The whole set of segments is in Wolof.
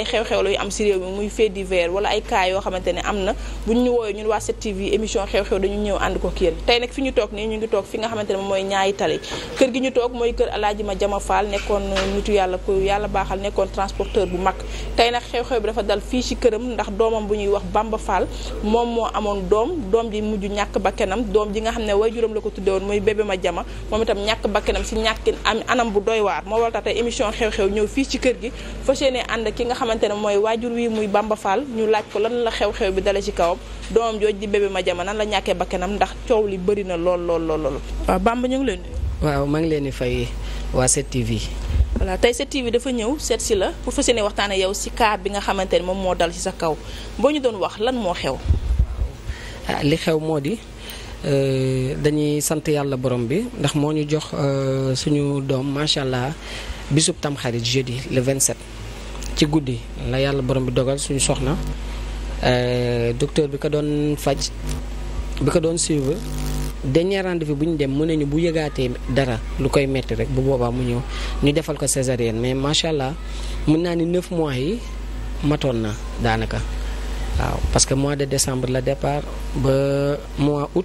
ay xew-xew la yu am na buñ ñu wooyee ñun waa 7TV émission xew-xew dañu ñëw ànd ko kër ñu toog mooy ñaari tali kër gi ñu toog mooy kër Alaaji ma Jama Fall nekkoon nitu yàlla ku yàlla baaxal nekkoon transporteur bu mag tey nag xew-xew dal fii si këram ndax doomam bu ñuy wax Bamba Fall moom moo amoon doom doom ji mujj ñàkk bakkanam doom ji nga xam ne waajuram la ko tudde woon mooy bébé ma jama moom itam ñàkk bakkanam si ñàkkin am anam bu doy waar moo waral tax tey xew-xew ñëw fii ci kër gi fas yéene ànd ki nga xam xamante ne mooy waajur wi muy Bamba Fall ñu laaj ko lan la xew-xew bi dale ci kawam doom jooj di bébé ma nan la ñàkkee bakkanam ndax coow li bëri na lool lool lool lool. waaw Bamba ñu ngi leen waaw maa ngi leen di fay waa 7TV. voilà tey 7TV dafa ñëw seet si la pour fas yéene waxtaan ak yow si cas bi nga xamante ne moom moo dal ci sa kaw boo ñu doon wax lan moo xew. Ah, li xew moo di euh, dañuy sant yàlla borom bi ndax moo ñu jox euh, suñu doom macha allah bisub tam xarit jeudi le ci guddi la yàlla borom bi dogal suñu soxna euh, docteur bi ko doon faj bi ko doon suivre dernier rendez-vous bu ñu dem mu ne ñu bu yëgaatee dara lu koy metti rek bu boobaa mu ñëw ñu defal ko césarienne mais macha allah mën naa ni neuf mois yi matoon na daanaka waaw parce que mois de décembre la départ ba mois août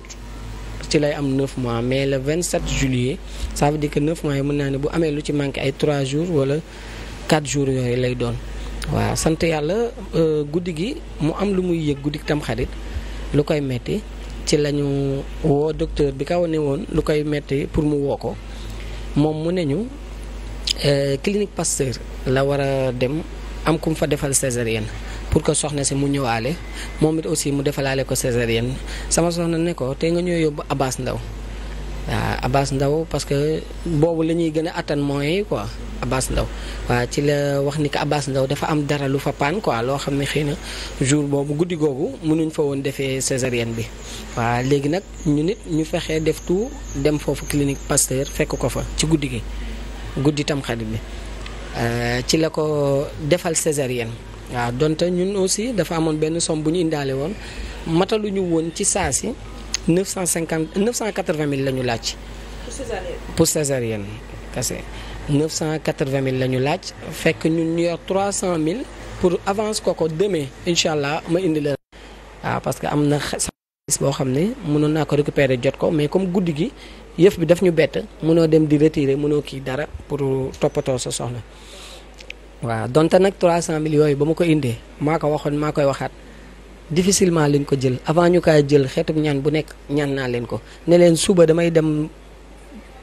ci lay am neuf mois mais le 27 juillet ça veut dire que neuf mois yi mën naa ne bu amee lu ci manqué ay trois jours wala. quatre jours yooyu lay doon waaw sant yàlla euh, guddi gi mu am lu muy yëg guddi tam xarit lu koy metti ci lañu ñu woo docteur bi ka wane woon lu koy metti pour mu woo ko moom mu ne ñu euh, clinique Pasteur la war a dem am ku mu fa defal césarienne pour que soxna si mu ñëwaale moom it aussi mu defalaale ko césarienne sama soxna ne ko te nga ñëw yóbbu Abass ndaw waaw ah, Abass Ndao parce que boobu la ñuy gën a attan moyens yi quoi Abass Ndao waaw ci la wax ni que Abass Ndao dafa am dara lu fa paan quoi loo xam ne xëy na jour boobu guddi googu mënuñ fa woon defee césarienne bi waa léegi nag ñu nit ñu fexee def tout dem foofu clinique Pasteur fekk ko fa ci guddi gi guddi tam xarit bi ah, ci la ko defal césarienne waaw donte ñun aussi dafa amoon benn somme bu ñu indaale woon matalu ñu woon ci saa si neuf cent cinquante neuf cent quatre vingt mille la ñu laaj. pour césarienne pour césarienne kese neuf cent quatre vingt mille la ñu laaj fekk ñun ñu yor trois cent mille pour avance ko demee incha allah ma indi la ah, waaw parce que am na xaalis boo xam ne mënoon naa ko récupérer jot ko mais comme guddi gi yëf bi daf ñu bett mënoo dem di retirer mënoo kii dara pour toppatoo sa soxla waaw donte nag trois cent mille yooyu ba ma ko indee maa ko waxoon maa koy waxaat. difficilement lañ ko jël avant ñu kaay jël xeetum ñaan bu nekk ñaan naa leen ko ne leen suba damay dem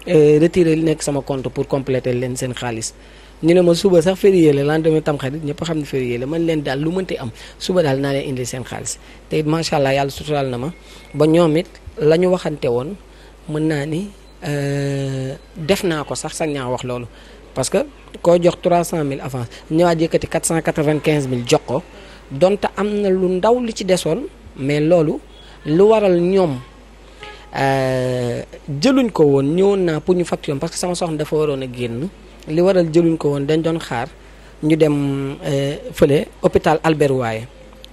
euh, retirer li nekk sama compte pour compléter leen seen xaalis ñu ne ma suba sax férié la lendemain tamxarit ñëpp xam ne férié la man leen daal lu mënti am suba daal naa leen indi seen xaalis te it macha allah yàlla suturaal na ma ba ñoom it la ñu waxante woon mën naa ni euh, def naa ko sax sax ñaa wax loolu parce que koo jox 300000 avance ñëwaat yëkkati 495000 jox ko. donte am na lu ndaw li ci desoon mais loolu lu waral ñoom euh, jëluñ ko woon ñëwoon naa pour ñu facture parce que sama soxna dafa waroon a génn li waral jëluñ ko woon dañ doon xaar ñu dem euh, fële hôpital Albert Royer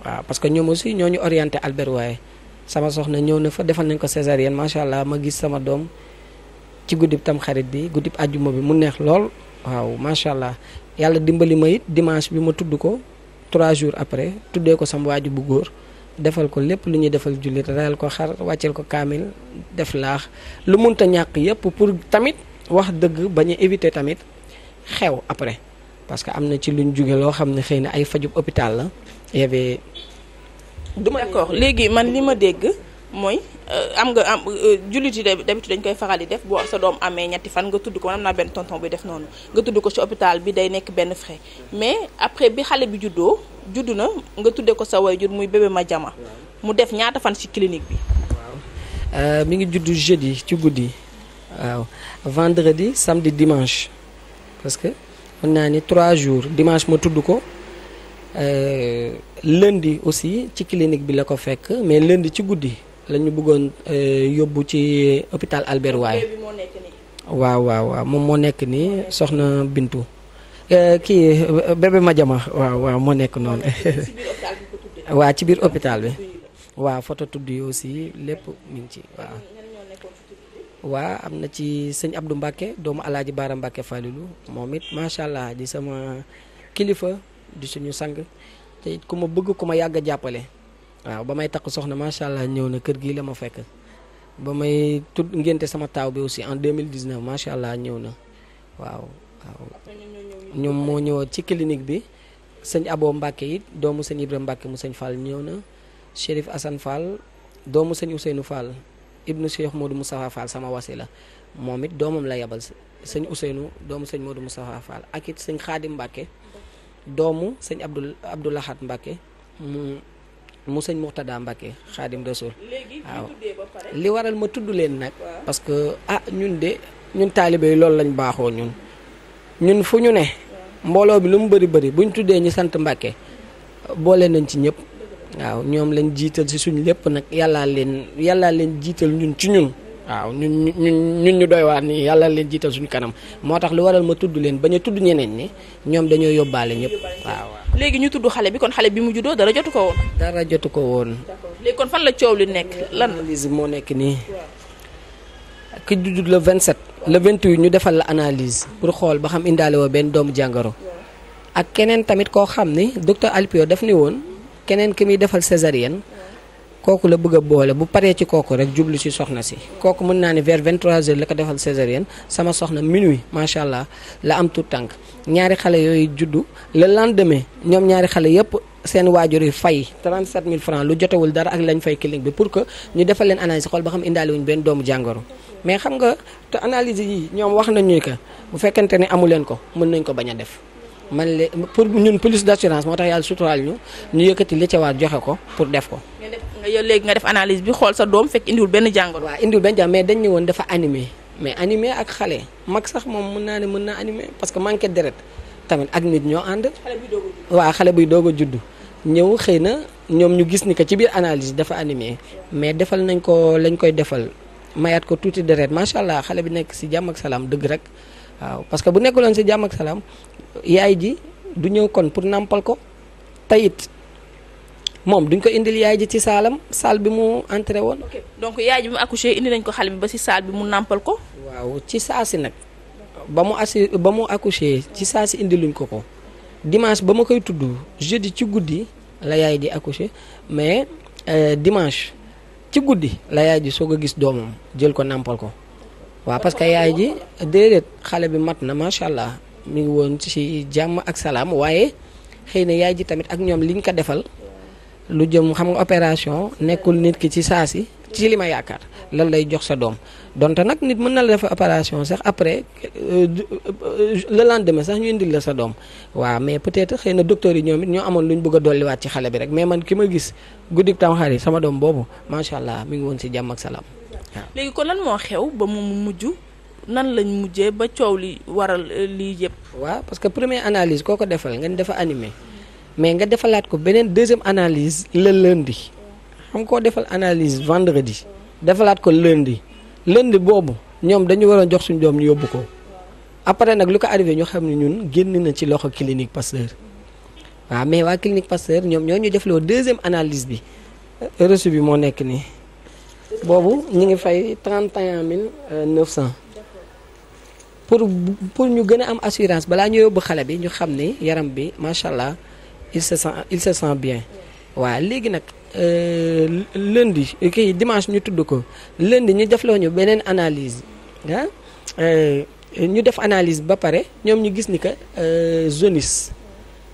waaw parce que ñoom aussi ñoo ñu orienté Albert Royer sama soxna ñëw na fa defal nañ ko césarienne macha allah ma gis sama doom ci guddib tam xarit bi guddib ajuma bi mu neex lool waaw macha allah yàlla dimbali ma it dimanche bi ma tudd ko. trois jours après tuddee ko sam waaju bu góor defal ko lépp lu ñuy defal jullit rayal ko xar wàcceel ko kaamil def laax lu munta ñàkk yépp pour tamit wax dëgg ba ñu éviter tamit xew après parce que am na ci luñ jugee loo xam ne xëy na ay fajub hôpital la y duma d'accord léegi man li ma dégg. mooy euh, am nga am euh, jullit yi d'habitude dañ koy faral di def boo sa doom amee ñetti fan nga tudd ko man am naa benn tonton buy def noonu nga tudd ko ci hôpital bi day nekk benn frais mais après bi xale bi juddoo judd na nga tuddee ko sa waajur muy bébé ma mu def ñaata fan ci clinique bi. Euh, mi ngi juddu jeudi ci guddi waaw vendredi samedi dimanche parce que mën naa ni trois jours dimanche ma tudd ko. lundi aussi ci clinique bi la ko fekk mais lundi ci guddi la ñu bëggoon eh, yóbbu ci eh, hôpital Albert Royer waaw waaw moom moo nekk nii soxna Bintu eh, kii bébé Madiama waaw waaw moo nekk noonu waaw ci biir hôpital bi waa photo tudd yi aussi lépp mi ci waaw waa am na ci sëñ Abdou Mbacke doomu alaaji Baara Mbacke Falilou moom it macha allah di sama kilifa di suñu sang te ku ma bëgg ku ma yàgg a jàppale waaw ba may takk soxna macha allah ñëw na kër gii la ma fekk ba may tudd ngénte sama taaw bi aussi en 2019 macha allah ñëw na waaw waaw ñoom moo ñëwoon ci clinique bi sëñ Abo Mbacke it doomu sëñ Ibra Mbacke mu sëñ Fall ñëw na Chérif Assane Fall doomu sëñ Ousseynou Fall ibnu Cheikh Modou Moustapha Fall sama la moom it doomam la yabal sëñ Ousseynou doomu sëñ Modou Moustapha Fall ak it sëñ Xaadim Mbacke doomu sëñ Abdoul Abdoulahat Mbacke mu mu sëñ Muxtada Mbacke xaadim rasul waaw li waral ma tudd leen nag parce que ah ñun de ñun taalibe yi loolu lañ baaxoo ñun ñun fu ñu ne mbooloo bi lu mu bëri bëri buñ tuddee ñu sant Mbacke boole nañ ci ñëpp waaw ñoom lañ jiital si suñ lépp nag yàlla leen yàllaa leen jiital ñun ci ñun waaw ñun ñun ñu doy waar nii yàlla leen jiital suñu kanam moo tax lu waral ma tudd leen ba ñu tudd ñeneen ñi ñoom dañoo yóbbaale ñëpp waaw léegi ñu tudd xale bi kon xale bi mu juddoo dara jotu ko woon. dara jotu ko woon. léegi kon fan la coow li nekk lan analyse moo nekk nii ki judd le 27. le 28 ñu defal la analyse pour xool ba xam indaale benn doomu jàngoro. ak keneen tamit koo xam ni docteur Alpio daf ni woon keneen ki muy defal césarienne. kooku la bëgg a boole bu paree ci kooku rek jublu si soxna si kooku mën naa ne vers 23h la ko defal césarienne sama soxna minuit macha allah la am tout tànk ñaari xale yooyu juddu le lendemain ñoom ñaari xale yëpp seen waajur yi fay mille francs lu jotewul dara ak lañ fay clinique bi pour que ñu defal leen analyse xool ba xam indaale wuñ benn doomu jàngoro mais xam nga te analyse yi ñoom wax nañ ñu que bu fekkente ne amu leen ko mën nañ ko bañ a def. man le pour ñun police d'assurance moo tax yàlla suturaal ñu ñu yëkkati li ca war joxe ko pour def ko. nga yow léegi nga def analyse bi xool sa doom fekk indiwul benn jàngoro. waaw indiwul benn jàngoro mais dañ ne woon dafa animé mais animé ak xale mag sax moom mën naa ne mën naa animé parce que manqué deret tamit ak nit ñoo ànd. xale buy doog xale buy doog a juddu ñëw xëy na ñoom ñu gis ni que ci biir analyse dafa animé mais defal nañ ko lañ koy defal mayaat ko tuuti deret macha allah xale bi nekk si jàmm ak salaam dëgg rek. waaw parce que bu nekkuloon si jàmm ak salaam yaay ji du ñëw kon pour nàmpal ko tey it moom duñ ko indil yaay ji ci saalam saal bi mu entré woon. donc yaay ji bi mu accouché indi nañ ko xale bi ba si saal bi mu nàmpal ko. waaw ci saa si nag ba mu assi ba mu accouché ci saa si indiluñ ko ko dimanche ba ma koy tudd jeudi ci guddi la yaay di accouché mais euh, dimanche ci guddi la yaay ji soog a gis doomam jël ko nàmpal ko. waaw parce que yaay ji déedéet xale bi mat na macha allah mi ngi woon ci jàmm ak salaam waaye xëy na yaay ji tamit ak ñoom liñ ko defal lu jëm xam nga opération nekkul nit ki ci saa si ci li ma yaakaar lan lay jox sa doom donte nag nit mën na la defal opération sax après euh, euh, la lendemain sax ñu indil la sa doom waaw mais peut-être xëy na docteur yi ñoom it ñoo amoon lu ñu bëgg dolliwaat ci xale bi rek mais man ki ma gis guddik tam xarit sama doom boobu macha allah mi ngi woon si jàmm ak salaam. léegi ko lan moo xew ba mu mujj nan lañ mujjee ba coow li waral euh, lii yëpp. waaw parce que première analyse koo ko defal nga ni dafa animé mais nga defalaat ko beneen deuxième analyse le lundi xam koo defal analyse vendredi defalaat ko lundi lundi boobu ñoom dañu waroon jox suñu doom ñu yóbbu ko après nag lu ko arrivé ñu xam ne ñun génn na ci loxo clinique Pasteur waaw mais waa clinique Pasteur ñoom ñoo ñu defloo deuxième analyse bi reçu bi moo nekk nii. boobu ñu ngi fay trente et mille neuf cent pour pour ñu gën a am assurance balaa ñu yóbbu xale bi ñu xam ni yaram bi macha allah il se il se sent bien waaw léegi nag euh, lundi kii dimanche ñu tudd ko lundi ñu defloo ñu beneen analyse ah euh, ñu def analyse ba pare ñoom ñu gis ni que euh, jaunisse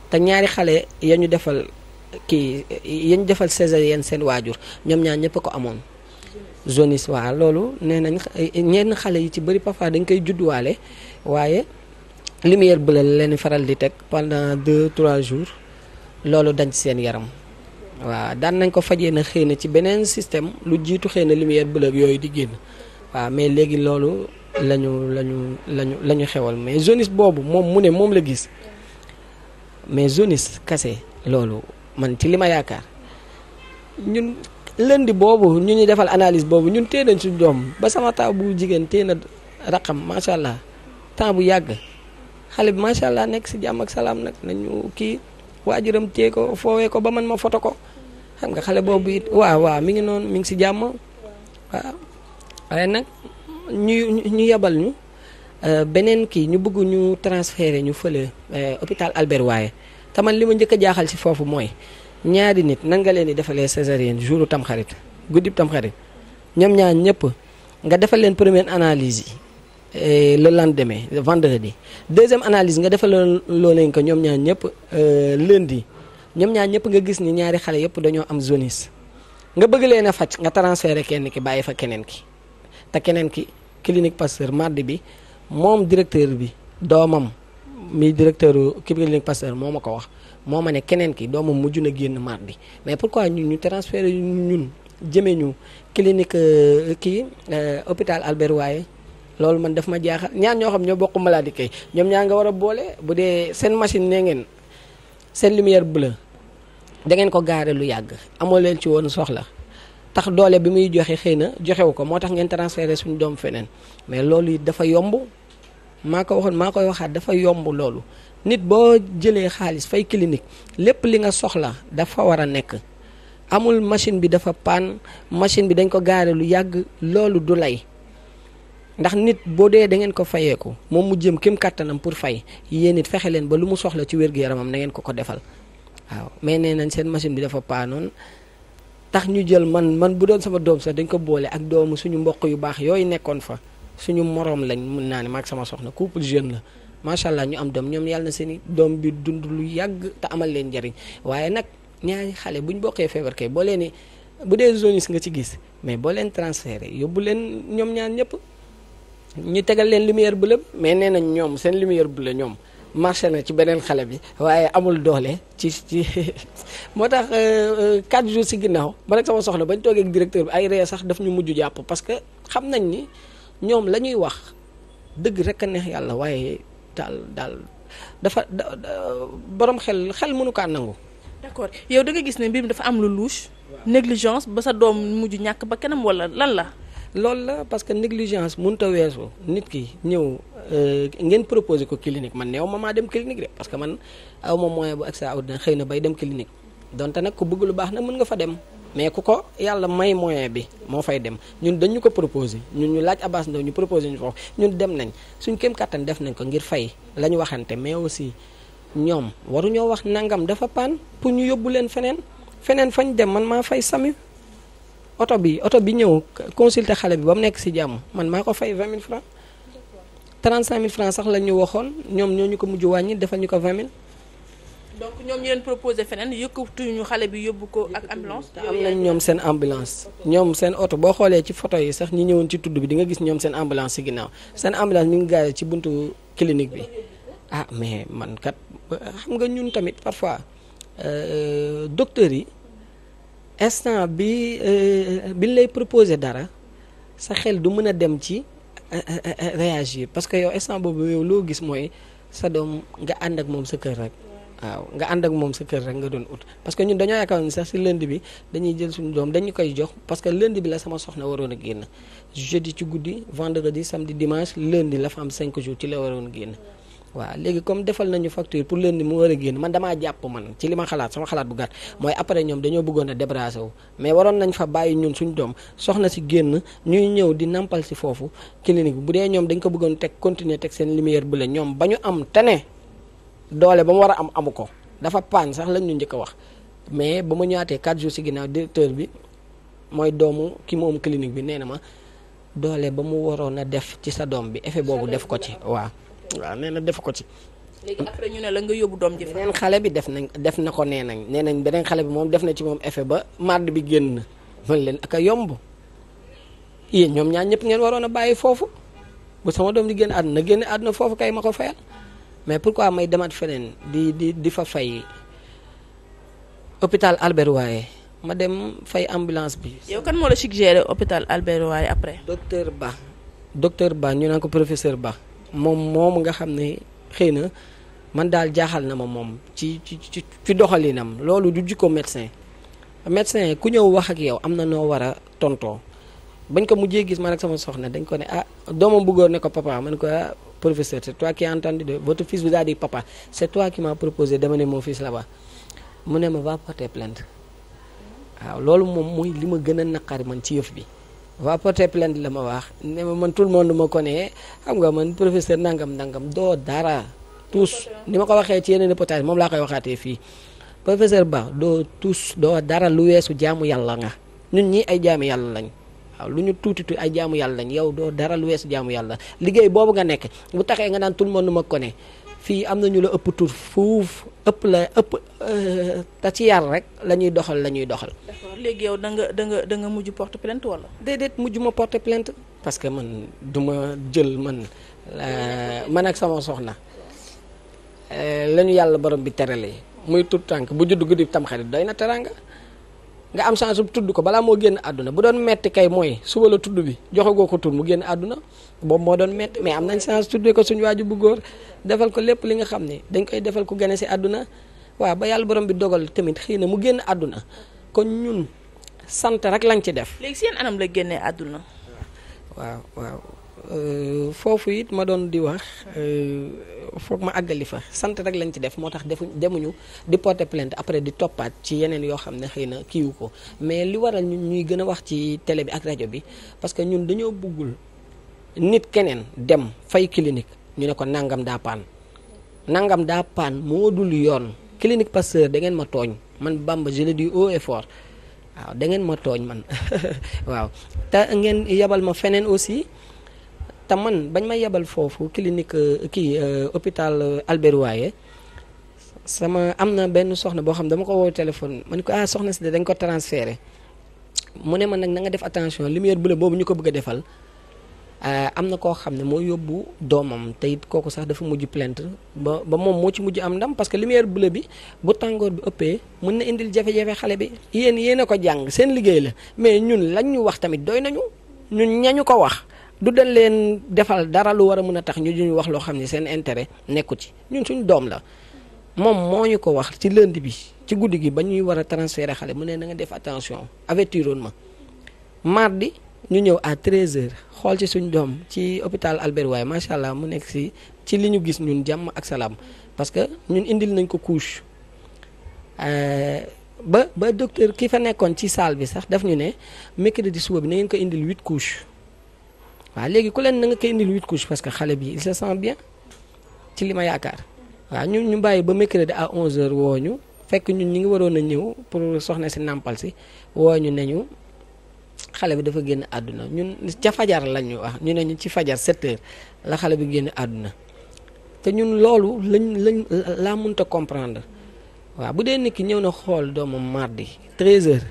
te ñaari xale ya ñu defal kii ya defal defal césarienne seen waajur ñoom ñaar ñëpp ko amoon. jaunisse waaw loolu nee nañ ñenn xale yi ci bëri parfois dañ koy judduwaale waaye lumière bleue la leen faral di teg pendant deux trois jours loolu dañ ci seen yaram waaw daan nañ ko fajee na xëy na ci beneen système lu jiitu xëy na lumière bleue yooyu di génn waaw mais léegi loolu lañu lañu lañu la ñu xewal mais jaunisse boobu moom mu ne moom la gis mais jaunisse kase loolu man ci li ma yaakaar lëndi boobu ñu ñu defal analyse boobu ñun téye nañ suñu doom ba sama taaw bu jigéen téye na raqam macha allah temps bu yàgg xale bi macha allah nekk si jàmm ak salaam nag nañu kii waajuram téye ko foowee ko ba man ma foto ko xam nga xale boobu it waaw waaw mi ngi noonu mu ngi si jàmm waaw waaye nag ñu ñu yebal ñu euh, beneen kii ñu bëgg ñu transférer ñu fële euh, hôpital Albert waaye te man li ma njëkk a jaaxal si foofu mooy ñaari nit nanga leen di defalee césarienne jour tam xarit guddi tam xarit ñoom ñaar ñëpp nga defal leen première analyse yi eh, le lendemain vendredi deuxième analyse nga defal loo leen ko ñoom ñaar ñëpp eh, lundi ñoom ñaar ñëpp nga gis ni ñaari xale yëpp dañoo am jaunisse nga bëgg leen a faj nga transféré kenn ki bàyyi fa keneen ki te keneen ki clinique Pasteur mardi bi moom directeur bi doomam mi directeur clinique Pasteur moom ma ko wax. moo ma ne keneen ki doomu mujj na génn bi mais pour ñun ñu transféré ñun jëmee ñu clinique euh, kii euh, hôpital Albert waaye loolu man daf ma jaaxal ñaar ñoo xam ñoo bokk maladie kay ñoom ñaa nga war a boole bu dee seen machine nee ngeen seen lumière bleue da ngeen ko gaare lu yàgg amoo leen ci woon soxla tax doole bi muy joxe xëy na joxewu ko moo tax ngeen transféré suñ doom feneen mais loolu it dafa yomb maa ko waxoon maa koy waxaat dafa yomb loolu nit boo jëlee xaalis fay clinique lépp li nga soxla dafa war a nekk amul machine bi dafa paan machine bi dañ ko gaare lu yàgg loolu du lay ndax nit boo dee da ngeen ko fayeeku moom mu jëm kim kàttanam pour fay yéen it fexe leen ba lu mu soxla ci wér-gu-yaramam na ngeen ko ko defal waaw mais nee nañ seen machine bi dafa paanoon tax ñu jël man man bu doon sama doom sax dañ ko boole ak doomu suñu mbokk yu baax yooyu nekkoon fa suñu moroom lañ mun naa ne maag sama soxna couple jeune la macha allah ñu am doom ñoom yàlla na seeni doom bi dund lu yàgg te amal leen njariñ waaye nag ñaari xale bu ñu bokkee feebar kay boo leen bu dee jaunisse nga ci gis mais boo leen transféré yóbbu leen ñoom ñaar ñëpp ñu tegal leen lumière bleue mais nee nañ ñoom seen lumière bleue ñoom marché na ci beneen xale bi waaye amul doole ci ci moo tax 4 euh, jours si ginnaaw ba rek sama soxna bañ toogee directeur bi ay ree sax daf ñu mujj jàpp parce que xam nañ ni ñoom la ñuy wax dëgg rek a neex yàlla waaye daal daal dafa borom xel xel mënu kaa nangu. d'accord yow da nga gis ne mbir mi dafa am lu louche. négligence ba sa doom mujj ñàkk ba kanam wala lan la. loolu la parce que négligence mun ta weesu nit ki ñëw euh, ngeen proposé ko clinique man néew ma maa dem clinique de parce que man aw ma moyen bu extraordinaire xëy na bay dem clinique donte nag ku bëgg lu baax nag mën nga fa dem. mais ku ko yàlla may moyen bi moo fay dem ñun dañu ko proposé ñun ñu laaj Abass Ndao ñu proposé ñu foofu ñun dem nañ suñ kéem kàttan def nañ ko ngir fay la ñu waxante mais aussi ñoom waruñoo wax nangam dafa paan pour ñu yóbbu leen feneen feneen fañ dem man maa fay sami oto bi oto bi ñëw consulter xale bi ba mu nekk ci jàmm man maa ko fay 20000 francs 35000 francs sax la ñu waxoon ñoom ñoo ñu ko mujj wàññi defal ñu ko 20000. donc ñoom ñu leen proposé feneen yëkkatuñu xale bi yóbbu ko ak ambulance. am nañ ñoom seen ambulance ñoom seen oto boo xoolee ci photo yi sax ñi ñëwoon ci tudd bi di nga gis ñoom seen ambulance si ginnaaw seen ambulance mi ngi garé ci buntu clinique bi ah mais man kat xam nga ñun tamit parfois euh, docteurs yi instant bi euh, biñ lay proposé dara sa xel du mën a dem ci euh, réagir parce que yow instant boobu yow loo gis mooy sa doom nga ànd ak moom sa kër rek. waaw nga ànd ak moom sa kër rek nga doon ut parce que ñun dañoo yaakaar ni sax si lundi bi dañuy jël suñu doom dañu koy jox parce que lundi bi la sama soxna waroon a génn jeudi ci guddi vendredi samedi dimanche lundi la fa am 5 jours ci la waroon génn waaw léegi comme defal nañu facture pour lundi mu war a génn man damaa jàpp man ci li ma xalaat sama xalaat bu gàtt mooy après ñoom dañoo bëggoon a débrasser wu mais waroon nañ fa bàyyi ñun suñu doom soxna si génn ñuy ñëw di nampal si foofu clinique bu dee ñoom dañ ko bëggoon teg continuer teg seen lumière bu la ñoom ba ñu am tane doole ba mu war a am amu ko dafa paan sax lañ ñu njëkk a wax mais ba ma ñëwaatee 4 jours si ginnaaw directeur bi mooy doomu ki moom clinique bi nee na ma doole ba mu waroon a def ci sa doom bi effet boobu def ko ci waaw waaw nee na def ko ci. léegi ñu ne la nga yóbbu doom ji. xale bi def nañ def na ko nee nañ nee nañ beneen xale bi moom def na ci moom effet ba màdd bi génn man leen ak yomb yéen ñoom ñaan ñëpp ngeen waroon a bàyyi foofu bu sama doom di génn àdduna génn àdduna foofu kay ma ko fayal. mais pourquoi may demaat feneen di di di fa fay hôpital Albert waaye ma dem fay ambulance bi. yow kan moo la suggéré hôpital Albert Royer après. docteur Ba docteur Ba ñu naan ko professeur Ba moom moom nga xam ne xëy na man daal jaaxal na ma moom ci ci ci ci doxalinam loolu du jikko médecin médecin ku ñëw wax ak yow am na noo war a tontoo bañ ko mujjee gis man ak sama soxna dañ ko ne ah doomam bëggoon ne ko papa man ko ah, professeur c'est toi qui as entendu de votre fils vous a dit papa c'est toi qui m'as proposé d'amener mon fils là-bas mu ne ma va porter plainte waaw loolu moom mooy li ma gën a naqari man ci yëf bi va porter plainte la ma wax ne ma man tout le monde ma connaît xam nga man professeur nangam nangam doo dara tous ni ma ko waxee ci yeneen reportage moom laa koy waxaatee fii professeur Ba doo tous doo dara lu weesu jaamu yàlla nga ñun ñi ay jaamu yàlla lañ waaw lu ñu tuuti tuuti ay jaamu yàlla lañ yow doo dara lu weesu jaamu yàlla liggéey boobu nga nekk bu taxee nga naan tout le nu ma kone fii am na ñu la ëpp tuut fuuf ëpp la ëpp euh, te ci yar rek lañuy doxal la ñuy doxal. léegi yow da nga da nga da mujj porte plainte wala. déedéet mujj ma porte plainte parce que man du ma jël man euh, man ak sama soxna euh, la ñu yàlla borom bi terale muy tuut tànk bu judd guddi tam xarit doy na teranga nga am chance bu tudd ko balaa moo génn àdduna bu doon metti kay mooy suba la tudd bi joxagoo ko tur mu génn àdduna boobu moo doon metti mais am nañ chance tuddee ko suñu waaju bu góor defal ko lépp li nga xam ne dañ koy defal ko gane si àdduna waaw ba yàlla borom bi dogal tamit xëy na mu génn àdduna kon ñun sant rek lañ ci def. léegi seen anam la génnee àdduna. waaw waaw. Euh, foofu it ma doon di wax euh, foog ma àggali fa sant rek lañ ci def moo tax defu demuñu di porter plainte après di toppaat ci yeneen yoo xam ne xëy na kiiwu ko mais li waral ñun ñuy gën a wax ci télé bi ak rajo bi parce que ñun dañoo buggul nit keneen dem fay clinique ñu ne ko nangam daa paan nangam daa paan moo dul yoon clinique Pasteur da ngeen ma tooñ man Bamba je le o haut fort waaw da ngeen ma tooñ man waaw te ngeen yebal ma feneen aussi te man bañ ma yebal foofu clinique euh, kii euh, hôpital euh, Albert Royer sama am na benn soxna boo xam ne dama ko woo téléphone ma ne ko ah soxna si de dañ ko transféré mu ne ma nag na nga def attention lumière bleue boobu ñu ko bëgg a defal am na koo xam ne moo yóbbu doomam te it kooku sax dafa mujj plainte ba ba moom moo ci mujj am ndam parce que lumière bleue bi bu tàngoor bi ëppee mun na indil jafe-jafe xale bi yéen yéen a ko jàng seen liggéey la mais ñun lañ ñu wax tamit doy nañu ñun ñañu ko wax du dañ leen defal dara lu war a mën a tax ñu ñu wax loo xam ne seen intérêt nekku ci ñun suñ doom la moom moo ñu ko wax ci lënd bi ci guddi gi ba ñuy war a transférer xale mu ne na nga def attention avertiroon ma mardi ñu ñëw à 13h xool ci suñ doom ci hôpital Albert waaye macha allah mu nekk si ci li ñu gis ñun jàmm ak salaam parce que ñun indil nañ ko couche euh, ba ba docteur ki fa nekkoon ci salle bi sax daf ñu ne mercredi suba bi na ngeen ko indil huit couches. waa léegi ku leen na nga koy indil huit couches parce que xale bi il se sent bien ci li ma yaakaar waaw ñun ñu bàyyi ba mercredi à onze woo ñu fekk ñun ñi ngi waroon a ñëw pour soxna si nàmpal si woo ñu ne xale bi dafa génn àdduna ñun ca fajar lañ ñu wax ñu ne ñu ci fajar sept la xale bi génn àdduna te ñun loolu lañ lañ laa mënta comprendre waaw bu dee nit ñëw na xool doomam mardi treize heures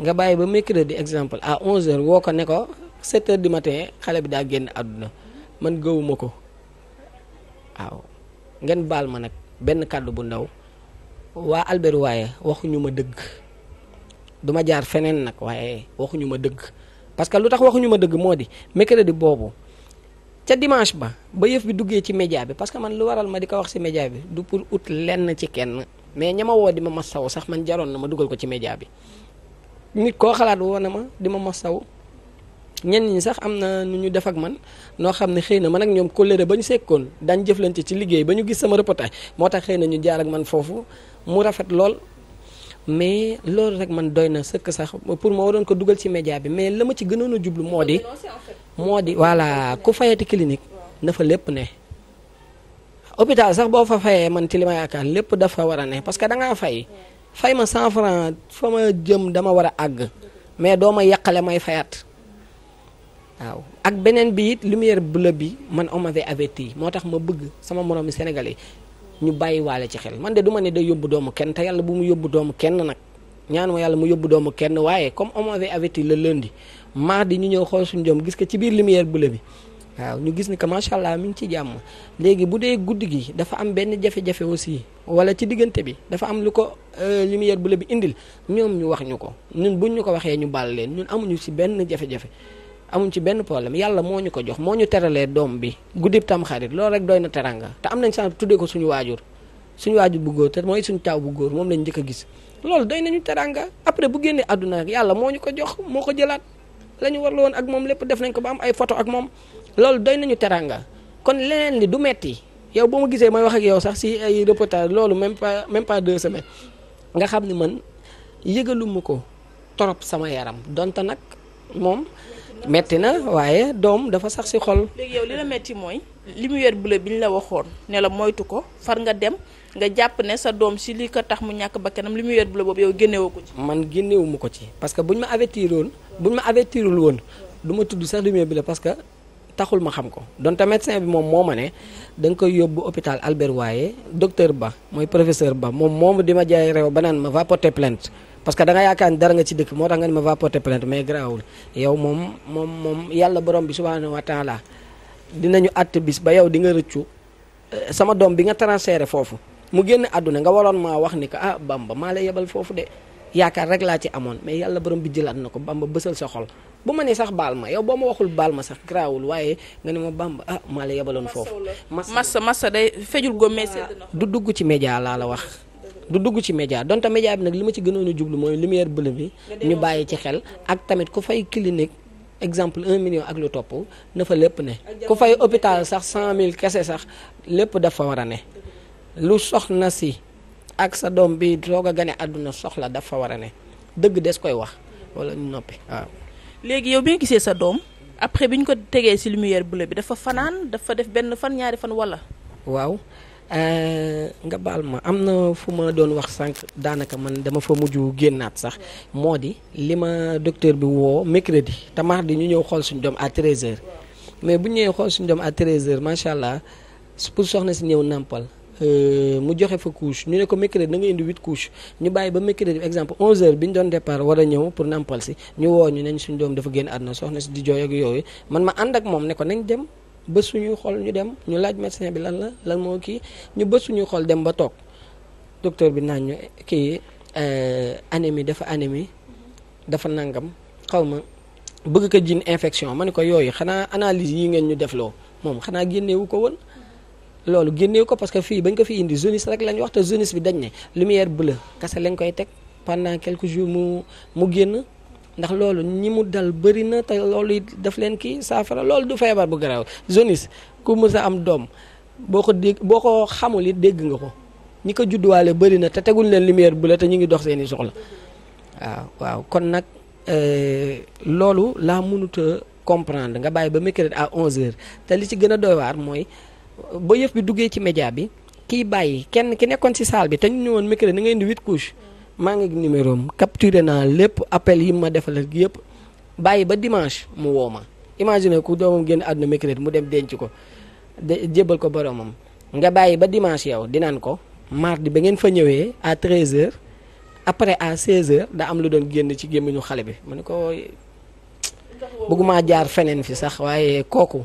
nga bàyyi ba mercredi exemple à onze heures woo ko ne ko. 7 heures du matin xale bi daa génn àdduna man gëwuma ko waaw ngeen baal ma nag benn kàddu bu ndaw waa Albert waaye waxuñu ma dëgg duma jaar feneen nag waaye waxuñu ma dëgg parce que lu tax waxuñu ma dëgg moo di mercredi boobu ca dimanche ba yëf bi duggee ci média bi parce que man lu waral ma di ko wax si média bi du pour ut lenn ci kenn mais ña ma woo di ma masaw sax man jaroon na ma dugal ko ci média bi nit koo xalaat woo ma di ma masaw ñenn ñi sax am na nu ñu def ak man noo xam ne xëy na man ak ñoom kóllëre ba ñu sekkoon daañ jëflante ci liggéey ba ñu gis sama reportage moo tax xëy na ñu jaar ak man foofu mu rafet lool mais loolu rek man doy na sëkk sax pour ma waroon ko dugal ci média bi mais la ma ci gënoon a jublu moo di moo di voilà ku fayati clinique na fa lépp ne hôpital sax boo fa fayee man ci li ma yaakaar lépp dafa war a ne parce que da ngaa fay fay ma 100 francs fa ma jëm dama war a àgg mais doo ma yàqale may fayaat waaw ak beneen bi it lumière bleue bi man on m'avait averti moo tax ma bëgg sama moroomi sénégalais ñu bàyyi waale ci xel man de du ma ne day yóbbu doomu kenn te yàlla bu mu yóbbu doomu kenn nag ñaan ma yàlla mu yóbbu doomu kenn waaye comme on m'avait averti le lundi di ñu ñëw xool suñu doom gis ko ci biir lumière bleue bi waaw ñu gis ni que macha allah mi ngi ci jàmm léegi bu dee guddi gi dafa am benn jafe-jafe aussi wala ci diggante bi dafa am lu ko euh, lumière bleue bi indil ñoom ñu wax ñu ko ñun buñ ñu ko waxee ñu baal leen ñun amuñu si benn jafe amuñ ci benn problème yàlla moo ñu ko jox moo ñu teralee doom bi guddib tam xarit loolu rek doy na teranga te am nañ chance tuddee ko suñu waajur suñu waajur bu góor te mooy suñu taaw bu góor moom lañ jëkk gis loolu doy nañu teranga après bu génnee àdduna rek yàlla moo ñu ko jox moo ko jëlaat la ñu warloo woon ak moom lépp def nañ ko ba am ay photo ak moom loolu doy nañu teranga kon leneen li du metti yow boo ma gisee may wax ak yow sax si ay reportage loolu même pas même pas deux semaines nga xam ni man yëgaluma ko trop sama yaram donte nag moom metti na waaye doom dafa sax si xol. léegi yow li la metti mooy li mu bi ñu la waxoon ne la moytu ko far nga dem nga jàpp ne sa doom si li ko tax mu ñàkk bakkanam li mu yor bule boobu yow génnewu ko ci. man génnewuma ma ko ci parce que bu ñu ma avertiroon buñ ma avertirul woon du ma tudd sax lumière bi la parce que taxul ma xam ko donte médecin bi moom moo ma ne da nga koy yóbbu hôpital Albert waaye docteur Ba mooy professeur Ba moom moom di ma jaay réew ba naan ma va porter parce que da nga yaakaar ni dara nga ci dëkk moo tax nga ni ma va porter mais garaawul yow moom moom moom yàlla borom bi subhanahu wa taala dinañu àtt bis ba yow di nga rëccu eh, sama doom bi nga transféré foofu mu génn àdduna nga waroon maa wax ni que ah bamba maa la yebal foofu de yaakaar rek laa ci amoon mais yàlla borom bi jëlaat na ko bamba bësal sa xol bu ma ne sax baal ma yow boo ma waxul baal ma sax garaawul waaye nga ne ma bamba ah maa yebaloon foofu massa massa day fejul góomee sedd ah, du dugg ci média laa la wax du dugg ci média donte média bi nag li ma ci gënoon a jublu mooy lumière bleue bi ñu bàyyi ci xel ak tamit ku fay clinique exemple un million ak lu topp na fa lépp ne ku fay hôpital sax cent mille kese sax lépp dafa war a ne lu soxna si ak sa doom bi soog a gane àdduna soxla dafa war a ne dëgg des koy wax wala ñu noppi waaw léegi yow bi nga gisee sa doom après bi ñu ko tegee ci lumière bleue bi dafa fanaan dafa def benn fan ñaari fan wala waaw euh, nga baal ma am na fu ma doon wax sànq daanaka man dama fa mujj génnaat sax moo di li ma docteur bi woo mercredi te mardi ñu ñëw xool suñu doom à 13h mais bu ñu ñëwee xool suñu doom à 13h macha allah pour soxna si ñëw nàmpal euh, mu joxe fa ñu ne ko mercredi na nga indi huit couche ñu bàyyi ba mercredi exemple onze heures bi ñu doon départ war a ñëw pour nàmpal si ñu woo ñu nañ suñ doom dafa génn àdduna soxna si di jooy ak yooyu man ma ànd ak moom ne ko nañ dem. bës suñuy xool ñu dem ñu laaj médecin bi lan la lan moo kii ñu bës suñuy xool dem ba toog docteur bi naan ñu kii euh, anémie dafa anémie dafa nangam xaw ma bëgg ko jiin infection ma ne ko yooyu xanaa analyse yi ngeen ñu def loo moom xanaa génneewu ko woon loolu génneewu ko parce que fii bañ ko fi indi jaunisse rek lañ wax te jaunisse bi dañ ne lumière bleue kase lañ koy teg pendant quelque jours mu mu génn. ndax loolu ñi mu dal bëri na te loolu it daf leen kii saafara loolu du feebar bu garaaw jaunisse ku mës a am doom boo ko dégg boo ko xamul it dégg nga ko ñi ko judduwaale bëri na te tegul leen lumière bu la te ñu ngi dox seeni soxla waaw waaw kon nag euh, loolu laa mënut comprendre nga bàyyi ba mercredi à 11h te li ci gën a doy waar mooy ba yëf bi duggee ci média bi kiy bàyyi kenn ki nekkoon si salle bi te ñu ñëwoon mercredi na nga indi huit couches. maa ngi numéro am capturé naa lépp appel yi ma defalal yëpp bàyyi ba dimanche mu woo ma imagine ku doomam génn àdduna mercredi mu dem denc ko de jébbal ko boromam nga bàyyi ba dimanche yow dinaan ko mardi ba ngeen fa ñëwee à 13h après à 16h da am lu doon génn ci gémmiñu xale bi mu ne ko bëgguma jaar feneen fi sax waaye kooku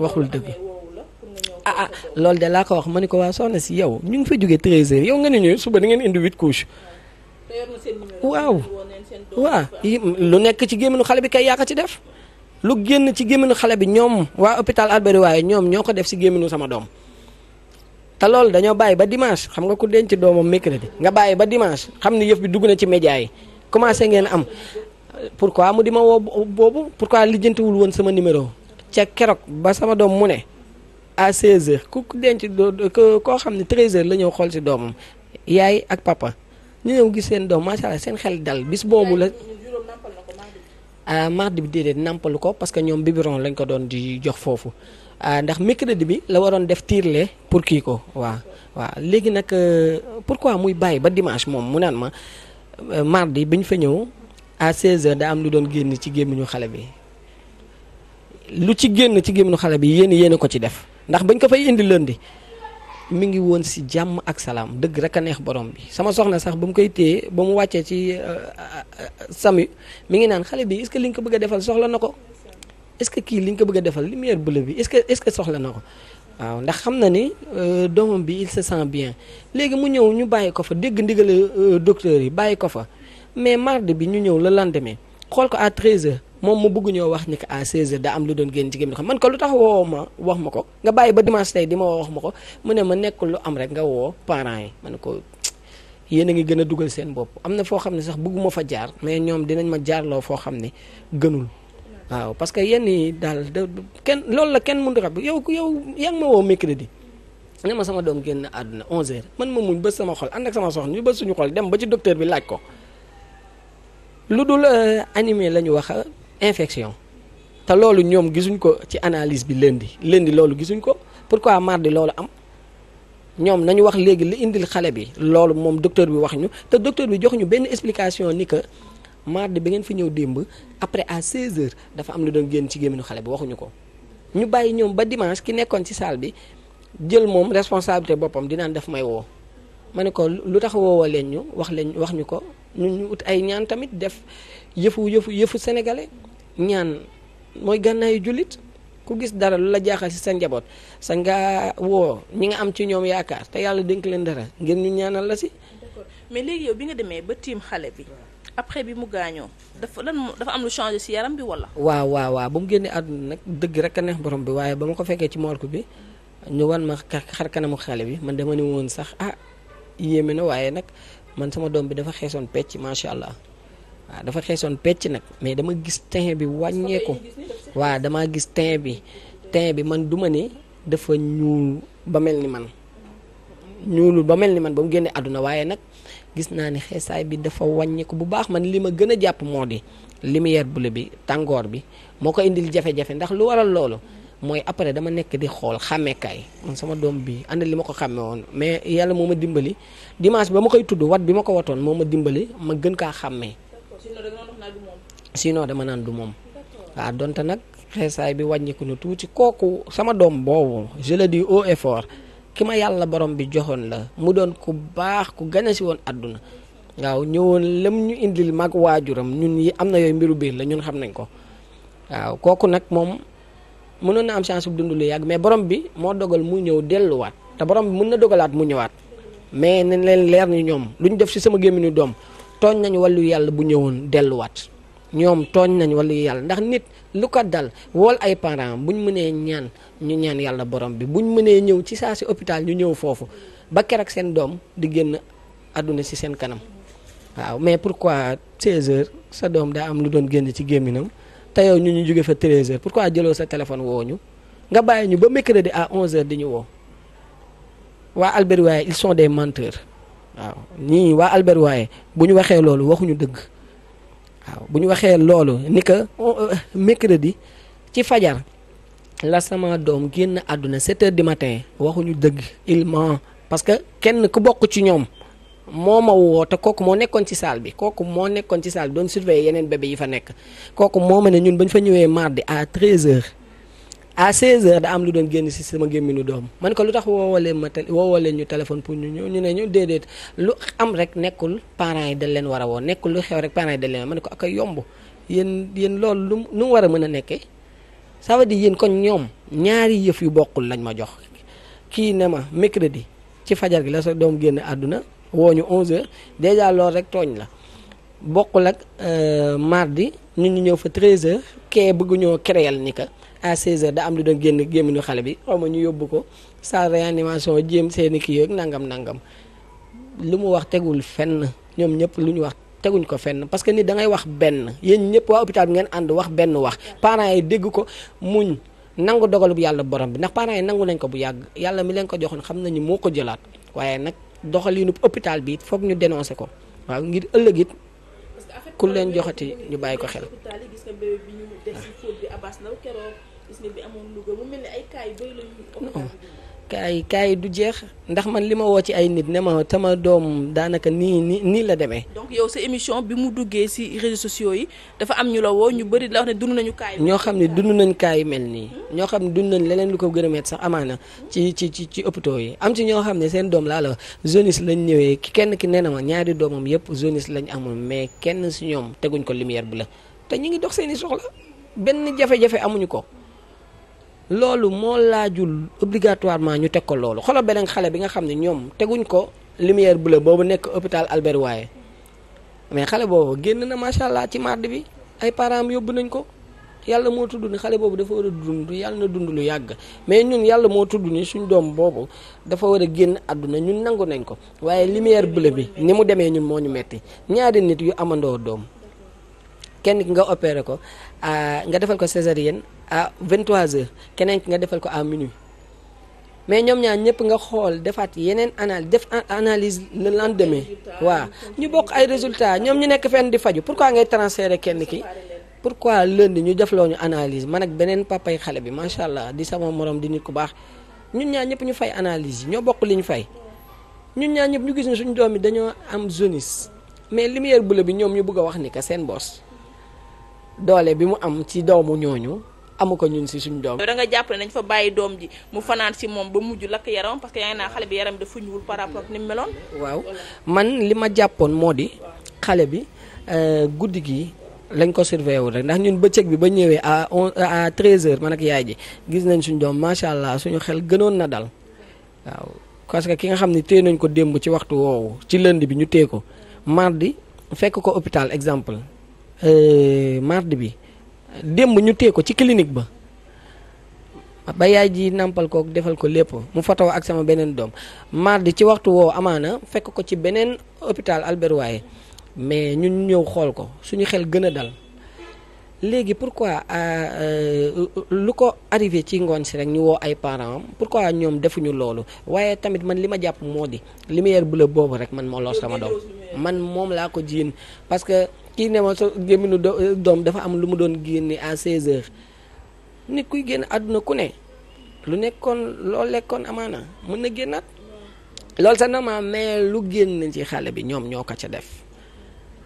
waxul dëgg ah ah loolu de laa ko wax ma ne ko waa soxna si yow ñu ngi fa jógee 13h yow nga ne ñu suba da ngeen indi huit waaw waaw lu nekk ci gémminu xale bi kay yaa ci def. lu génn ci gémmiñu xale bi ñoom waa hôpital Albert waaye ñoom ñoo ko def si gémmiñu sama doom. te loolu dañoo bàyyi ba dimanche xam nga ku denc doomam mercredi nga bàyyi ba dimanche xam ni yëf bi dugg na ci média yi commencé ngeen am pourquoi mu di ma woo boobu pourquoi lijjantiwul woon sama numéro ca keroog ba sama doom mu ne. à 16h ku denc koo xam ne 13h la ñëw xool si doomam yaay ak papa ñu ñëw gis seen doom macha allah seen xel dal bis boobu la. ah mardi bi déedéet nàmpalu ko parce que ñoom biberon lañ ko doon di jox foofu ah, ndax mercredi bi la waroon def tiirle pour kii ko waa waaw léegi nag euh, pourquoi muy bàyyi ba dimanche moom mu naan ma euh, mardi bi ñu fa ñëw à 16h daa am lu doon génn ci gémmiñu xale bi lu ci génn ci gémmiñu xale bi yéen yéen ko ci def. ndax bañ ko fay indi lundi mu ngi woon si jàmm ak salaam dëgg rek a neex borom bi sama soxna sax ba mu koy téye ba mu wàccee ci euh, euh, sami mu ngi naan xale bi est-ce que liñ ko bëgg a defal soxla na ko est-ce que kii liñ ko bëgg a defal lumière bleue bi est-ce que est-ce que soxla na ko waaw ndax xam na ni euh, doomam bi il se sent bien léegi mu ñëw ñu bàyyi ko fa dégg ndigal docteur yi bàyyi ko fa mais mardi bi ñu ñëw le lendemain xool ko à 13h. moom mu bëgg ñoo wax ni que à 16h am lu doon génn ci gémmiñ xam man ko lu tax woo ma wax ma ko nga bàyyi ba dimanche tey di ma wax ma ko mu ne ma nekkul lu am rek nga woo parents yi ma ne ko yéen a ngi gën a dugal seen bopp am na foo xam ne sax bëgguma fa jaar mais ñoom dinañ ma jaarloo foo xam ne gënul waaw parce que yenn yi daal da kenn loolu la kenn mënut a xam yow yow yaa ngi ma woo mercredi ne ma sama doom génn àdduna 11h man ma muñ ba sama xol ànd ak sama soxna suñu xol dem ba ci docteur bi laaj ko lu dul euh, animé la ñu wax infection te loolu ñoom gisuñ ko ci analise bi lundi lundi loolu gisuñ ko pour pourquoi mardi loolu am ñoom nañu wax léegi li indil xale bi loolu moom docteur bi wax ñu te docteur bi jox ñu benn explication ni que mardi bi ngeen fi ñëw démb après à 16h dafa am lu doon génn ci gémminu xale bi waxuñu ko ñu bàyyi ñoom ba dimanche ki nekkoon ci salle bi jël moom responsabilité boppam dinaan def may woo ma ne ko lu tax woowoo leen ñu wax leen wax ñu ko ñun ut ay ñaan tamit def yëfu yëfu yëfu ñaan mooy gànnaayu jullit ku gis dara lu la jaaxal si sa njaboot sa ngaa woo ñi nga am ci ñoom yaakaar te yàlla dénk leen dara ngir ñu ñaanal la si. mais léegi yow bi nga demee ba tiim xale bi. après bi mu gaañoo dafa lan dafa am lu changé si yaram bi walla. waaw waaw waaw ba mu génnee àdduna nag dëgg rek a neex borom bi waaye ba ma ko fekkee ci morgue bi ñu wan ma xar kanamu xale bi man dama ne woon sax ah yéeme na waaye nag man sama doom bi dafa xeesoon pecc macha allah. waaw dafa xeesoon pecc nag mais dama gis teint bi wàññeeku waaw damaa gis teint bi teint bi man duma ne dafa ñuul ba mel ni man ñuulul ba mel ni man ba mu génne àdduna waaye nag gis naa ni xeesaay bi dafa wàññeeku bu baax man li ma gën a jàpp moo di lumière bleue bi tàngoor bi moo ko indil jafe ndax lu waral loolu mooy après dama nekk di xool xàmmeekaay man sama doom bi ànd li ma ko xàmme woon mais yàlla moo ma dimbali dimanche ba ma koy tudd wat bi ma ko watoon moo ma dimbali ma gën kaa xàmmee sinon dama naan du moom. waaw ah, donte nag xeesaay bi wàññiku na tuuti kooku sama doom boobu je di dis haut fort ki ma yàlla borom bi joxoon la mu doon ku baax ku gane si woon àdduna waaw ñëwoon lam ñu indil mag waajuram ñun yi am na yooyu mbiru biir la ñun xam nañ ko waaw kooku nag moom mënoon na am chance bu dund lu yàgg mais borom bi moo dogal mu ñëw delluwaat te borom bi mën na dogalaat mu ñëwaat mais nañ leen leer ni ñoom lu ñu def si sama gémmiñu doom tooñ nañu wàllu yàlla bu ñëwoon delluwaat ñoom tooñ nañu wàllu yàlla ndax nit lu ko dal wool ay parents buñ mënee ñaan ñu ñaan yàlla borom bi buñ mënee ñëw ci saa si hôpital ñu ñëw foofu ba keroog seen doom di génn àdduna si seen kanam waaw mais pourquoi 16 heures sa doom daa am lu doon génn ci gémminam te yow ñu ñu jóge fa 13 heures pourquoi jëloo sa téléphone woo ñu nga bàyyi ñu ba mercredi à 11 heures di ñu woo waa Albert waaye ils sont des menteurs waaw ñii waa Albert waaye bu ñu waxee loolu waxuñu dëgg waaw bu ñu waxee loolu ni que euh, mercredi ci fajar la sama doom génn àdduna 7 heures du matin waxuñu dëgg il ment parce que kenn ku bokk ci ñoom moo ma woo te kooku moo nekkoon ci salle bi kooku moo nekkoon ci salle bi doon surveiller yeneen bébé yi fa nekk kooku moo ma ne ñun ba ñu fa ñëwee mardi à 13 heure à 16h da am lu doon génn si sama gémmiñu doom man ko lu tax woowalee ma te woowalee ñu téléphone pour ñu ñëw ñu ne ñu déedéet lu am rek nekkul parents yi dal leen war a woo nekkul lu xew rek parents yi dañ leen man ko ak a yomb yéen yéen loolu lu nu mu war a mën a nekkee ça veut dire yéen kon ñoom ñaari yëf yu bokkul lañ ma jox kii ne ma ci fajar la sa doom génn àdduna woo ñu 11 loolu rek tooñ la bokkul ak euh, mardi ñun ñu ñëw fa 13h kee bëgg ñoo ni ka à 16 da am lu doon génn gémmiñu xale bi xaw ma ñu yóbbu ko sa réanimation jéem seen kii yeeg nangam nangam lu mu wax tegul fenn ñoom ñëpp lu ñu wax teguñ ko fenn parce que nit da ngay wax benn yéen ñëpp waa hôpital bi ngeen ànd wax benn wax parents yi dégg ko muñ nangu bu yàlla borom bi ndax parents yi nangu lañ ko bu yàgg yàlla mi leen ko joxoon xam nañu moo ko jëlaat waaye nag doxaliinu hôpital bi it foog ñu dénoncé ko waaw ngir ëllëg it ku leen joxati ñu bàyyi ko xel. bi amoon ay kaay kaay hmm. du jeex ndax man li ma woo ci ay nit ne ma sama doom daanaka nii nii nii la demee. donc yow sa émission bi mu duggee ci réseaux sociaux yi dafa am ñu la woo ñu bëri la wax ne dund nañu kaay. ñoo xam ne dund nañ kaay yu mel nii. ñoo xam ne dund nañ leneen lu ko gën a met sax amaana ci ci ci ci hôpitaux yi am ci ñoo xam ne seen doom laa la jaunisse lañ ñëwee kenn ki nee na ma ñaari doomam yëpp jaunisse lañ amul mais kenn si ñoom teguñ ko lumière bi la te ñu ngi dox seeni soxla benn jafe-jafe amuñu ko. loolu moo laajul obligatoirement ñu teg ko loolu xoolal beneen xale bi nga xam ne ñoom teguñ ko lumière bleue boobu nekk hôpital Albert waaye mais xale boobu génn na macha allah ci mardi bi ay parents am yóbbu nañ ko yàlla moo tudd ni xale boobu dafa war a dund yàlla na dund lu yàgg mais ñun yàlla moo tudd ni suñ doom boobu dafa war a génn àdduna ñun nangu nañ ko waaye lumière bleue bi ni mu demee ñun moo ñu metti ñaari nit yu amandoo doom. kenn ki nga opéré ko ah, nga defal ko césarienne à 23h ah, keneen ki nga defal ko à minuit mais ñoom ñaar ñëpp nga xool defaat yeneen analyse def analyse la lendemain waa ñu bokk ay résultats ñoom ñu nekk fen di faju pour pourquoi ngay transférer kenn ki pour pourquoi lundi ñu defloo ñu analyse man ak beneen papay xale bi macha allah di sama moroom di nit ku baax ñun ñaar ñëpp ñu fay analyse yi ñoo bokk li ñu fay ñun ñaar ñëpp ñu gis ne suñu doom yi dañoo am jaunisse mais lumière bleue bi ñoom ñu bëgg a wax ni que seen boos. doole bi mu am ci doomu ñooñu amu ko ñun si suñu doom. da nga jàpp nañ fa bàyyi doom ji mu fanaan si moom ba mujj lakk yaram parce que yaa ngi naa xale bi yaram dafa ñuul waaw man li ma jàppoon moo di xale bi euh, guddi gi lañ ko surveillé wu rek ndax ñun bëccëg bi ba ñëwee à on à 13h man ak yaay ji gis nañ suñu doom macha allah suñu xel gënoon na dal waaw parce que ki nga xam ne téye nañ ko démb ci waxtu woowu ci lënd bi ñu téye ko mardi fekk ko hôpital exemple. Euh, mard bi démb ñu téye ko ci clinique ba ba yaay ji nàmpal kook defal ko lépp mu fataw ak sama beneen doom mardi ci waxtu woowu amaana fekk ko ci beneen hôpital Albert Royer mais ñun ñëw xool ko suñu xel gën a dal léegi pour pourquoi euh, euh, lu ko arrivé ci ngoon si rek ñu woo ay parents pour quoi ñoom defuñu loolu waaye tamit man li ma jàpp moo di lumière bleue boobu rek man moo lool sama doom man moom laa ko jiin parce kii ne ma sa gémminu doom dafa am lu mu doon génne à 16 heures nit kuy génn àdduna ku ne lu nekkoon loo lekkoon amaana mën na génnaat loolu sa normal mais lu génn ci xale bi ñoom ñoo ko ca def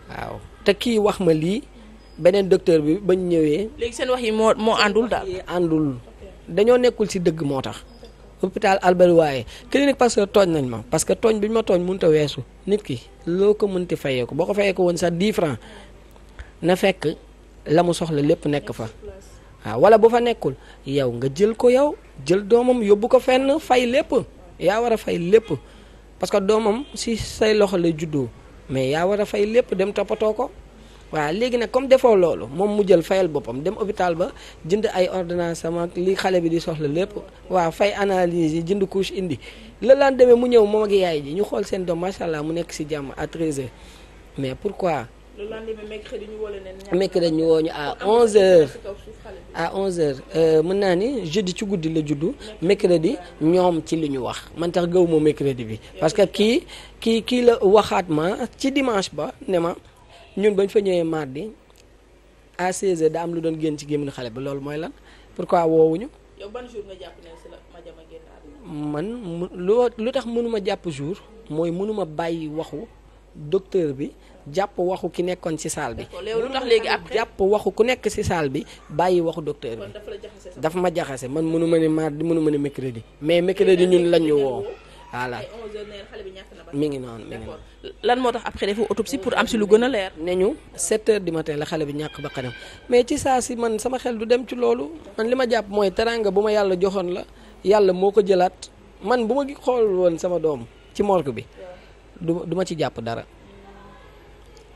waaw te kii wax ma lii beneen docteur bi bañ ñëwee. léegi seen wax yi moo moo àndul daal àndul dañoo nekkul si dëgg moo tax. hôpital Albert Royer clinique parce que tooñ nañ ma parce que tooñ bi ñu ma tooñ mënut a weesu nit ki loo ko mënti fayee boo ko fayee woon sax 10 francs na fekk la mu soxla lépp nekk fa waaw wala bu fa nekkul yow nga jël ko yow jël doomam yóbbu ko fenn fay lépp yaa war a fay lépp parce que doomam si say loxo lay juddoo mais yaa war a fay lépp dem toppatoo ko. waaw léegi nag comme defoo loolu moom mu jël fayal boppam dem hôpital ba jënd ay ordonnance am ak li xale bi di soxla lépp waaw fay analyse yi jënd couche indi la laan demee mu ñëw moom ak yaay ji ñu xool seen doom macha allah mu nekk si jàmm a 13 mais pourquoi. le lendemain mercredi ñu woo ñu à 11h à 11h euh, mën naa ni jeudi ci guddi la juddu mercredi ñoom ci li ñu wax man tax gëw ma mercredi bi. parce que kii kii kii la waxaat ma ci dimanche ba ne ma. ñun bañ fa ñëwee mardi à 16h da am lu doon génn ci gémmiñu xale bi loolu mooy lan pourquoi woowuñu. la ma jama génn man mu loo lu tax mënuma jàpp jour mooy mënuma bàyyi waxu docteur bi jàpp waxu ki nekkoon ci saal bi. lu tax léegi après jàpp waxu ku nekk ci saal bi bàyyi waxu docteur bi. dafa ma jaxase man mënuma ne di mënuma ne mercredi. mais mercredi ñun lañ ñu woo. voilà mi ngi noonu mi ngi noonu lan moo tax après defu autopsie pour am si lu gën a leer ne ñu 7 heures matin la xale bi ñàkk bakkanam mais ci saa si man sama xel du dem ci loolu man li ma jàpp mooy teranga bu ma yàlla joxoon la yàlla moo ko jëlaat man bu ma xool woon sama doom ci morgue bi du du ma ci jàpp dara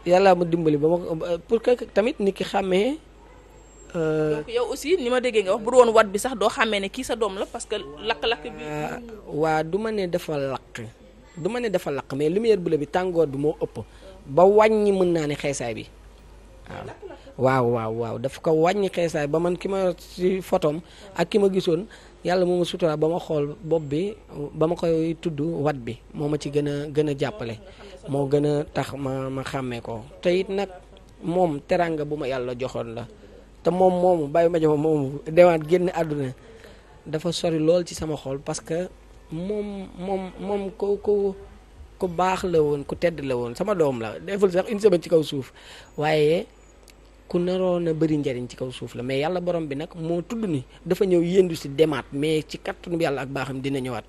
yàlla ma dimbali ba ma pour que tamit nit ki xàmmee Euh, donc yow aussi ni ma déggee nga wax bu doon wat bi sax doo xàmmee ne kii sa doom la parce que lakk-lakk bi. Euh, waa du ma ne dafa lakk du ma ne dafa lakk mais lumière bleue bi tàngoor bi moo ëpp ba wàññi mën naa ne xeesaay bi waaw. waaw waaw waaw daf ko wàññi xeesaay ba man ki ma ci photom ak ki ma gisoon yàlla moo ma ba ma xool bopp bi ba ma koy tudd wat bi moo ma ci gën a gën a jàppale moo gën a tax ma ma xàmmee ko te it nag moom teraanga bu ma yàlla joxoon la. te moom moomu bàyyi ma jaba moomu dewaat génn àdduna dafa sori lool ci sama xol parce que moom moom moom ku ku baax la woon ku tedd la woon sama doom la deful sax une semaine ci kaw suuf waaye ku naroon a bëri njariñ ci kaw suuf la mais yàlla borom bi nag moo tudd ni dafa ñëw yendu si demaat mais ci kattanu yàlla ak baaxam dina ñëwaat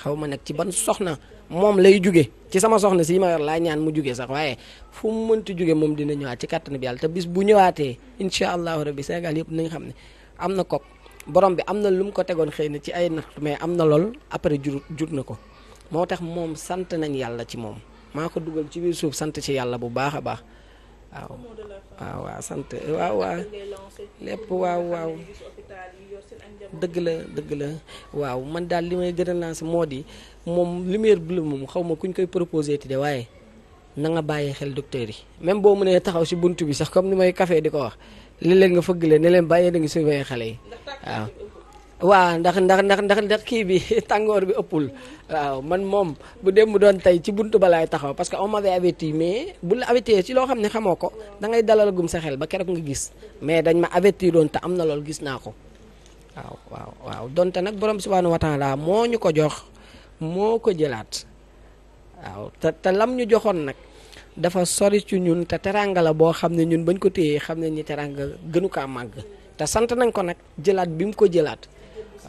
xaw ma nag ci ban soxna moom lay jugee ci sama soxna si ma yor laa ñaan mu jugee sax waaye fu mu mënti jugee moom dina ñëwaat ci kàttan bi yàlla te bis bu ñëwaatee incha allahu rabbi Sénégal yëpp nañ xam ne am na kok borom bi am na lu mu ko tegoon xëy na ci ay natt mais am na lool après jur jur na ko moo tax moom sant nañ yàlla ci moom maa ko dugal ci biir suuf sant ci yàlla bu baax a baax waaw waaw waaw sant waaw waaw lépp waaw waaw dëgg la dëgg la waaw man daal li may gën a lancé moo di moom lumière bleue moom xaw ma kuñ koy proposé ti de waaye na nga bàyyi xel docteur yi même boo mënee taxaw si bunt bi sax comme ni may café di ko wax li leen nga fëgg leen ne leen bàyyee da nga surveiller xale yi waaw waaw ndax ndax ndax ndax ndax kii bi tàngoor bi ëppul waaw man moom bu dem bu doon tey ci bunt ba laay taxaw parce que on m'avait averti mais bu la ci loo xam ne xamoo ko dangay ngay dalal gum sa xel ba keroog nga gis mais dañ ma avertir doon am na loolu gis naa ko waaw waaw waaw donte nag boroom si subhaanahu wa taala moo ñu ko jox moo ko jëlaat waaw te te lam ñu joxoon nag dafa sori ci ñun te teranga la boo xam ne ñun bañ ko téyee xam ne ñi teranga gënu kaa màgg te sant nañ ko nag jëlaat bi mu ko jëlaat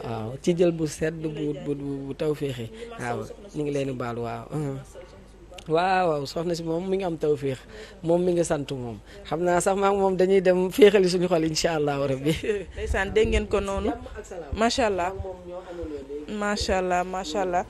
waaw ci jël bu sedd bu bu bu taw féexe waaw ñu ngi leen baal waaw uh-huh. waaw waaw soxna si moom mi ngi am tawféex moom mi ngi sant moom xam naa sax maak moom dañuy dem féexali suñu xol incha allah rabbi. ndeysaan dégg ngeen ko noonu. macha allah macha allah macha allah.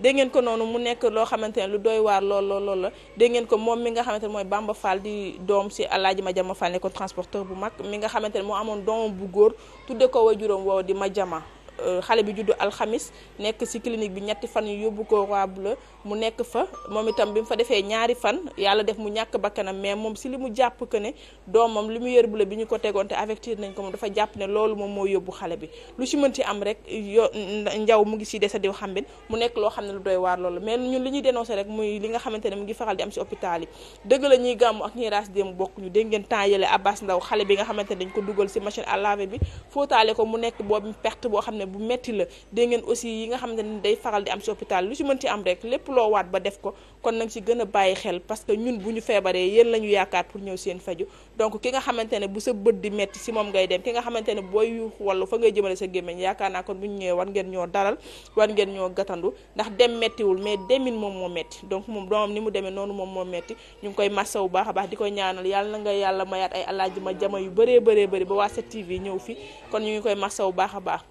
dégg ngeen ko noonu mu nekk loo xamante ne lu dooy waar lool lool lool la dégg ko moom mi nga xamante ne mooy Bamba faal di doom si ma Madiama Fall nekkoon transporteur bu mag mi nga xamante ne moo amoon doomam bu góor tudde ko waajuram wow di ma Madiama Euh, xale bi juddu alxamis nekk ci clinique bi ñetti fan yu yóbbu ko Roi Bleu mu nekk fa moom itam bi mu fa defee ñaari fan yàlla def mu ñàkk bakkanam mais moom ci li mu jàpp que ne doomam li mu yër bu la bi ñu ko tegoon te affecté nañ ko moom ne loolu moom moo yóbbu yo njaw mu ngi ci dese diw xam mu nekk loo xam ne lu doy waar loolu mais ñun li ñuy dénoncé rek muy li nga xamante ne mu ngi faral di am ci hôpital yi dëgg la ñuy gàmmu ak ñuy raas démb bokkuñu dégg ko dugal ci machine mu nekk boobu perte boo xam ne ne bu metti la dégg ngeen aussi yi nga xamante ne day faral di am si hôpital lu ci mën ci am rek lépp loo waat ba def ko kon nag ci gën a bàyyi xel parce ñun bu ñu feebaree yéen la ñu yaakaar pour ñëw seen faju donc ki nga xamante ne bu sa bët di metti si moom ngay dem ki nga xamante ne booy yuuxu walla fa ngay jëmale sa gémmiñ yaakaar naa kon bu ñu ñëwee war ngeen ñoo dalal war ngeen ñoo gatandu ndax dem mettiwul mais demin moom moo metti donc moom doomam ni mu demee noonu moom moo metti ñu ngi koy massa bu baax baax di koy ñaanal yàlla na nga yàlla mayaat ay alaaji ma jama yu bëree bëree bëri ba waa 7TV ñu ngi koy massa bu baax a baax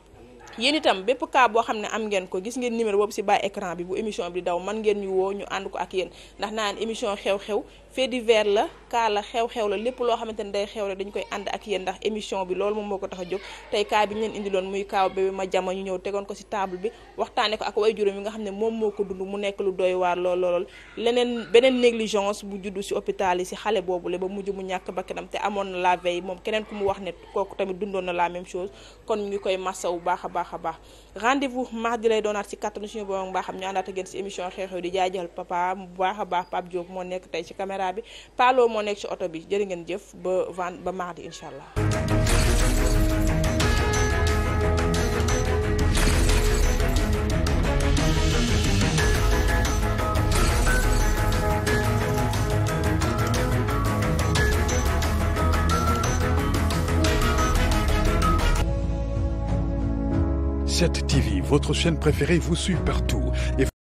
yéen itam bépp cas boo xam ne am ngeen ko gis ngeen numéro boobu ci bas écran bi bu émission bi daw man ngeen ñu woo ñu ànd ko ak yéen ndax naa émission xew-xew fait divers la kaa la xew-xew la lépp loo xamante ne day xew rek dañ koy ànd ak yéen ndax émission bi loolu moom moo ko tax a jóg tey kaa bi ñu leen indiloon muy kaaw bébé ma jama ñu ñëw tegoon ko ci table bi waxtaane ko ak way juróom yi nga xam ne moom moo ko dund mu nekk lu doy waar lool leneen beneen négligence bu juddu ci hôpital yi ci xale boobu boobule ba mujj mu ñàkk bakkanam te amoon na la veille moom keneen ku mu wax ne kooku tamit dundoon na laa me chose kon ñu koy masawu baax a baax baax rendez-vous mardi lay doonaat si kattanu suñu borom baa xam ñu àndaat ak yéen si émission xew-xew di jaajëfal papa baax a baax Pape Diop moo nekk tey ci caméra bi Paalo moo nekk ci oto bi jërë ngeen jëf ba van ba mardi incha allah 7 TV, votre chaîne préférée vous suit partout. Et